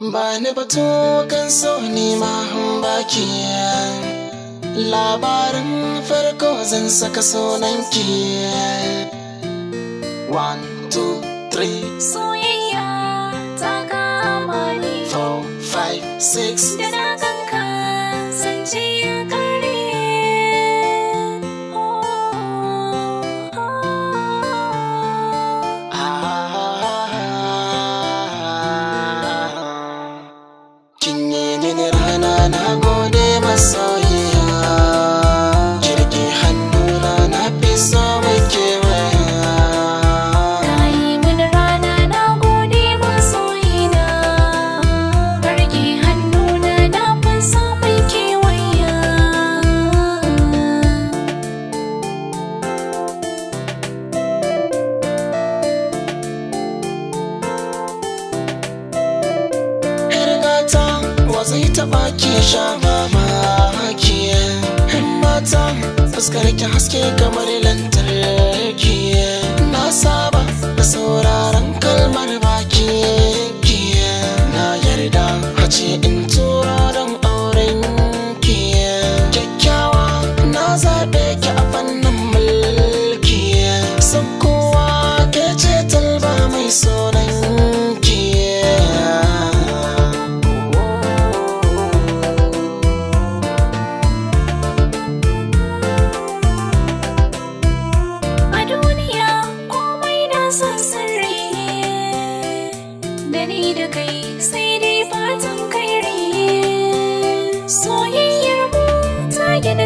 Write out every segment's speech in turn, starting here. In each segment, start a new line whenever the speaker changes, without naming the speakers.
ba ni bato kan so ni ma baki labarin farko zan saka sunan sunanki one two three
soyayya ta
kama
ni four five six
zai taba ki sha mamaki mata fuskar ki haske kamar lantarki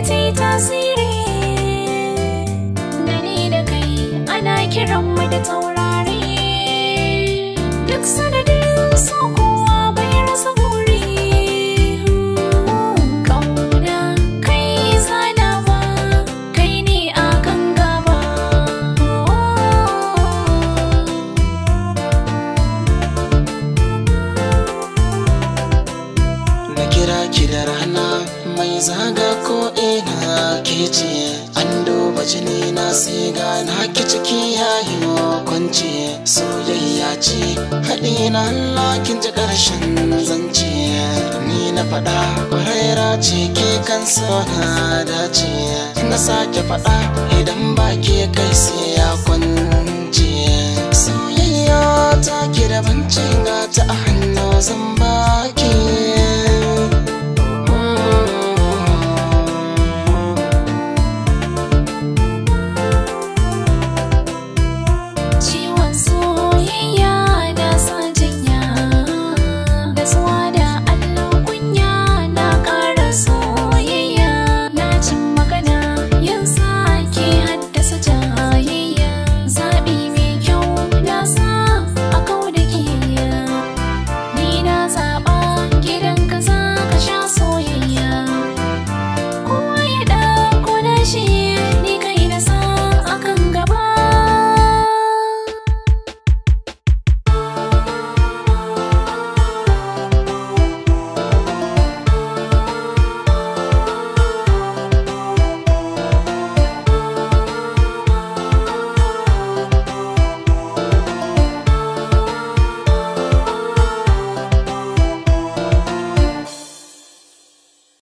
ce tasiri da ni da kai ana kiran mu da taurari duk sanadin so kowa bai rasa guri kauna kai zanawa kai ne a kan gaba
na kira ki da rana zaga ko ina ke ce an duba jini na sai na ki ciki ya yayi kwanci soyayya ce haɗi na Allah ji ƙarshen zance ni na faɗa ƙwararra ce ke kan na dace na sake faɗa idan ba ke kai sai ya kwance soyayya ta ki da bancin ta a hannu zamba.